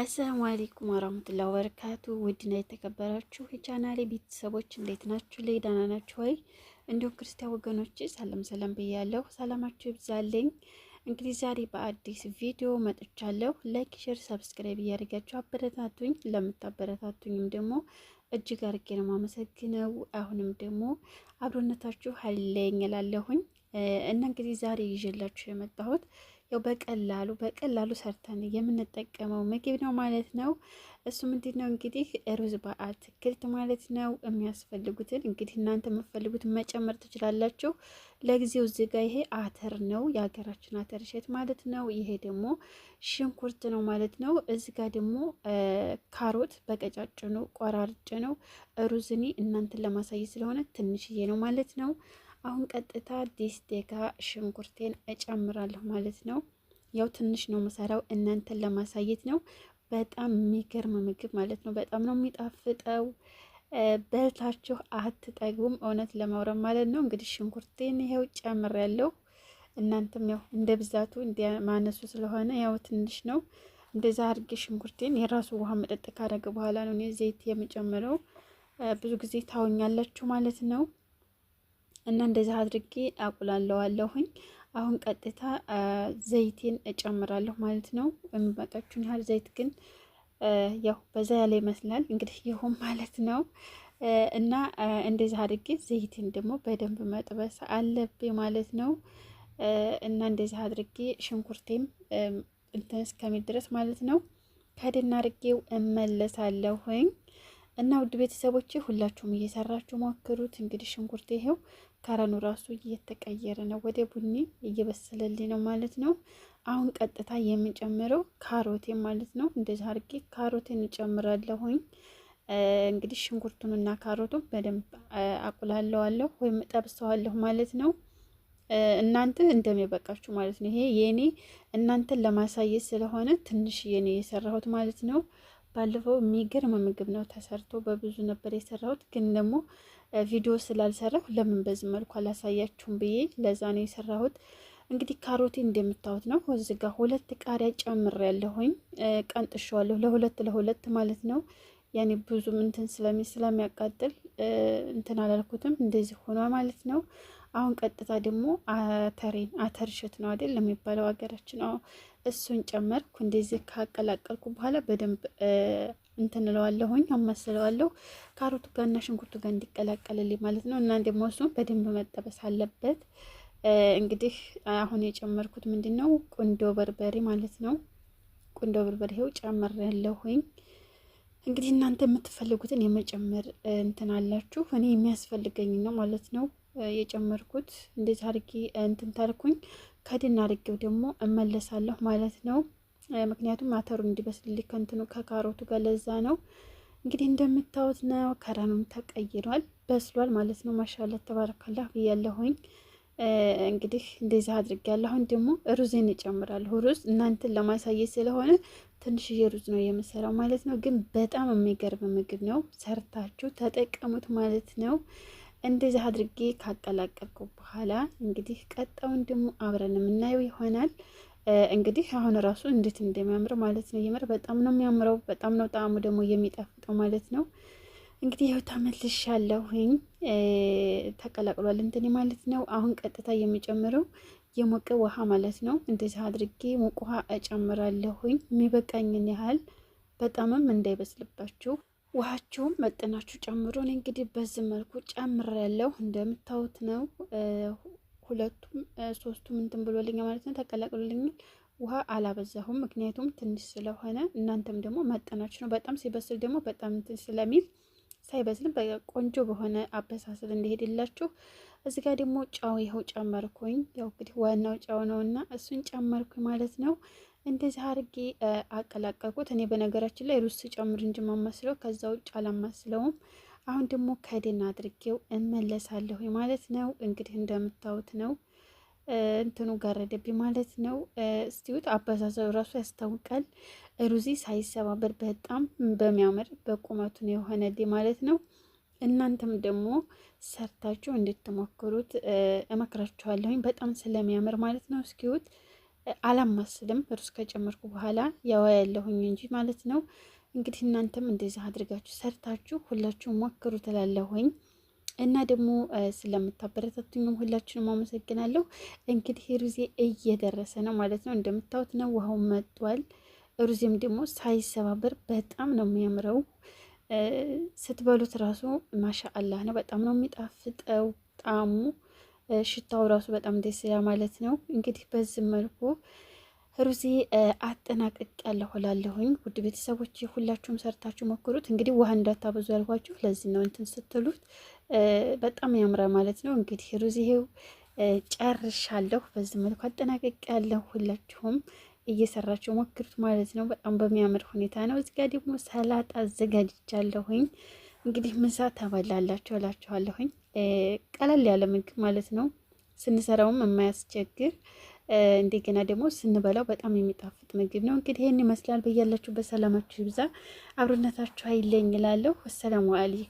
አሰላሙ አለይኩም ወራህመቱላሂ ወበረካቱ። ውድና የተከበራችሁ የቻናሌ ቤተሰቦች እንዴት ናችሁ? ላይ ደህና ናችሁ ወይ? እንዲሁም ክርስቲያን ወገኖች ሰላም ሰላም ብያለሁ። ሰላማችሁ ይብዛልኝ። እንግዲህ ዛሬ በአዲስ ቪዲዮ መጥቻለሁ። ላይክ፣ ሼር፣ ሰብስክራይብ እያደረጋችሁ አበረታቱኝ። ለምታበረታቱኝም ደግሞ እጅግ አድርጌ ነው የማመሰግነው። አሁንም ደግሞ አብሮነታችሁ ሀይለኝ እላለሁኝ እና እንግዲህ ዛሬ ይዤላችሁ የመጣሁት ያው በቀላሉ በቀላሉ ሰርተን የምንጠቀመው ምግብ ነው ማለት ነው። እሱ ምንድን ነው እንግዲህ ሩዝ በአትክልት ማለት ነው። የሚያስፈልጉትን እንግዲህ እናንተ የምትፈልጉትን መጨመር ትችላላችሁ። ለጊዜው እዚህ ጋር ይሄ አተር ነው የሀገራችን አተር እሸት ማለት ነው። ይሄ ደግሞ ሽንኩርት ነው ማለት ነው። እዚህ ጋር ደግሞ ካሮት በቀጫጭኑ ቆራርጬ ነው። ሩዝኒ እናንተን ለማሳየት ስለሆነ ትንሽዬ ነው ማለት ነው። አሁን ቀጥታ ዲስቴ ሽንኩርቴን እጨምራለሁ ማለት ነው። ያው ትንሽ ነው መሰራው እናንተን ለማሳየት ነው። በጣም የሚገርም ምግብ ማለት ነው። በጣም ነው የሚጣፍጠው። በልታችሁ አትጠግቡም፣ እውነት ለማውረም ማለት ነው። እንግዲህ ሽንኩርቴን ይኸው ጨምር ያለው እናንተም ያው እንደ ብዛቱ ማነሱ ስለሆነ ያው ትንሽ ነው። እንደዛ አድርጌ ሽንኩርቴን የራሱ ውሃ መጠጥ ካደረገ በኋላ ነው እኔ ዘይት የምጨምረው። ብዙ ጊዜ ታውኛላችሁ ማለት ነው። እና እንደዚህ አድርጌ አቁላለዋለሁኝ። አሁን ቀጥታ ዘይቴን እጨምራለሁ ማለት ነው። የሚመጣችሁን ያህል ዘይት ግን ያው በዛ ያለ ይመስላል እንግዲህ ይሁን ማለት ነው። እና እንደዚህ አድርጌ ዘይቴን ደግሞ በደንብ መጥበስ አለብኝ ማለት ነው። እና እንደዚህ አድርጌ ሽንኩርቴም እንትን እስከሚል ድረስ ማለት ነው ከድና አድርጌው እመለሳለሁኝ። እና ውድ ቤተሰቦች ሁላችሁም እየሰራችሁ ሞክሩት። እንግዲህ ሽንኩርት ይሄው ከረኑ ራሱ እየተቀየረ ነው፣ ወደ ቡኒ እየበሰለልኝ ነው ማለት ነው። አሁን ቀጥታ የምንጨምረው ካሮቴ ማለት ነው። እንደዚህ አድርጌ ካሮቴን እንጨምራለሁኝ። እንግዲህ ሽንኩርቱንና ካሮቱን በደንብ አቁላለዋለሁ ወይም ጠብሰዋለሁ ማለት ነው። እናንተ እንደሚበቃችሁ ማለት ነው። ይሄ የኔ እናንተን ለማሳየት ስለሆነ ትንሽ የኔ የሰራሁት ማለት ነው። ባለፈው የሚገርም ምግብ ነው ተሰርቶ በብዙ ነበር የሰራሁት፣ ግን ደግሞ ቪዲዮ ስላልሰራሁ ለምን በዚህ መልኩ አላሳያችሁም ብዬ ለዛ ነው የሰራሁት። እንግዲህ ካሮቴ እንደምታዩት ነው። እዚህ ጋር ሁለት ቃሪያ ያለሁኝ ቀንጥሸዋለሁ ለሁለት ለሁለት ማለት ነው። ያኔ ብዙም እንትን ስለሚ ስለሚያቃጥል እንትን አላልኩትም፣ እንደዚህ ሆኗ ማለት ነው። አሁን ቀጥታ ደግሞ አተሬን አተር እሸት ነው አይደል የሚባለው ሀገራችን። እሱን ጨመርኩ። እንደዚህ ካቀላቀልኩ በኋላ በደንብ እንትንለዋለሁኝ አማስለዋለሁ ካሮቱ ጋርና ሽንኩርቱ ጋር እንዲቀላቀልልኝ ማለት ነው። እና ደግሞ እሱን በደንብ መጠበስ አለበት። እንግዲህ አሁን የጨመርኩት ምንድን ነው? ቁንዶ በርበሬ ማለት ነው። ቁንዶ በርበሬ ይኸው ጨምር ያለሁኝ እንግዲህ እናንተ የምትፈልጉትን የመጨመር እንትን አላችሁ። እኔ የሚያስፈልገኝ ነው ማለት ነው። የጨመርኩት። እንደዚህ አድርጌ እንትን ታልኩኝ ከድን አድርጌው ደግሞ እመለሳለሁ ማለት ነው። ምክንያቱም አተሩ እንዲበስልልኝ ከእንትኑ ከካሮቱ ጋር ለዛ ነው። እንግዲህ እንደምታዩት ነው። ከረኑም ተቀይሯል፣ በስሏል ማለት ነው። ማሻላ ተባረካላ ብያለሁኝ። እንግዲህ እንደዚህ አድርጌያለሁ። አሁን ደግሞ ሩዝን እጨምራለሁ። ሩዝ እናንተን ለማሳየት ስለሆነ ትንሽዬ ሩዝ ነው የምሰራው ማለት ነው። ግን በጣም የሚገርም ምግብ ነው። ሰርታችሁ ተጠቀሙት ማለት ነው። እንደዚህ አድርጌ ካቀላቀልኩ በኋላ እንግዲህ ቀጣውን ደግሞ አብረን የምናየው ይሆናል። እንግዲህ አሁን ራሱ እንዴት እንደሚያምር ማለት ነው። የምር በጣም ነው የሚያምረው። በጣም ነው ጣዕሙ ደግሞ የሚጣፍጠው ማለት ነው። እንግዲህ ያው ተመልሻለሁኝ። ተቀላቅሏል እንትኔ ማለት ነው። አሁን ቀጥታ የሚጨምረው የሞቀ ውሃ ማለት ነው። እንደዚህ አድርጌ ሞቅ ውሃ እጨምራለሁኝ የሚበቃኝን ያህል፣ በጣምም እንዳይበስልባችሁ ውሃችሁም መጠናቸው ጨምሮ እኔ እንግዲህ በዚህ መልኩ ጨምር ያለው እንደምታዩት ነው። ሁለቱም ሶስቱም እንትን ብሎልኛ ማለት ነው ተቀላቅሎልኛል። ውሃ አላበዛሁም፣ ምክንያቱም ትንሽ ስለሆነ እናንተም ደግሞ መጠናችሁ ነው። በጣም ሲበስል ደግሞ በጣም እንትን ስለሚል ሳይበስልም ቆንጆ በሆነ አበሳሰል እንዲሄድላችሁ እዚ ጋር ደግሞ ጫው ይኸው ጨመርኩኝ። ያው እንግዲህ ዋናው ነው ነውና እሱን ጨመርኩኝ ማለት ነው። እንደዚህ አርጌ አቀላቀልኩት። እኔ በነገራችን ላይ ሩዝ ጨምር እንጂ ማማስለው ከዛ ውጭ አላማስለውም። አሁን ደግሞ ከድን አድርጌው እመለሳለሁ ማለት ነው። እንግዲህ እንደምታዩት ነው እንትኑ ጋረደብኝ ማለት ነው። እስቲዩት አበሳሰው ራሱ ያስታውቃል። ሩዚ ሳይሰባበር በጣም በሚያምር በቁመቱ ነው የሆነልኝ ማለት ነው። እናንተም ደግሞ ሰርታችሁ እንድትሞክሩት እመክራችኋለሁኝ በጣም ስለሚያምር ማለት ነው። እስኪዩት አላማስልም። ሩዝ ከጨመርኩ በኋላ ያዋ ያለሁኝ እንጂ ማለት ነው። እንግዲህ እናንተም እንደዚህ አድርጋችሁ ሰርታችሁ ሁላችሁ ሞክሩ ትላለሁኝ እና ደግሞ ስለምታበረታቱኝም ሁላችሁንም አመሰግናለሁ። እንግዲህ ሩዜ እየደረሰ ነው ማለት ነው። እንደምታዩት ነው ውሃው መጥቷል። ሩዜም ደግሞ ሳይሰባበር በጣም ነው የሚያምረው። ስትበሉት ራሱ ማሻ አላህ ነው። በጣም ነው የሚጣፍጠው ጣሙ ሽታው ራሱ በጣም ደስ ይላል ማለት ነው። እንግዲህ በዚህ መልኩ ሩዜ አጠናቀቅ ያለሁ ላለሁኝ ውድ ቤተሰቦች ሁላችሁም ሰርታችሁ ሞክሩት። እንግዲህ ውሃ እንዳታበዙ ያልኳችሁ ለዚህ ነው። እንትን ስትሉት በጣም ያምራ ማለት ነው። እንግዲህ ሩዚ ይሄው ጨርሻለሁ። በዚህ መልኩ አጠናቀቅ ያለሁ ሁላችሁም እየሰራችሁ ሞክሩት ማለት ነው። በጣም በሚያምር ሁኔታ ነው። እዚጋ ደግሞ ሰላጣ አዘጋጅቻለሁኝ። እንግዲህ ምሳ ተበላላችሁ እላችኋለሁኝ። ቀለል ያለ ምግብ ማለት ነው። ስንሰራውም የማያስቸግር እንደገና ደግሞ ስንበላው በጣም የሚጣፍጥ ምግብ ነው። እንግዲህ ይህን ይመስላል። በያላችሁበት ሰላማችሁ ይብዛ፣ አብሮነታችሁ አይለኝ እላለሁ። ወሰላሙ አለይኩም።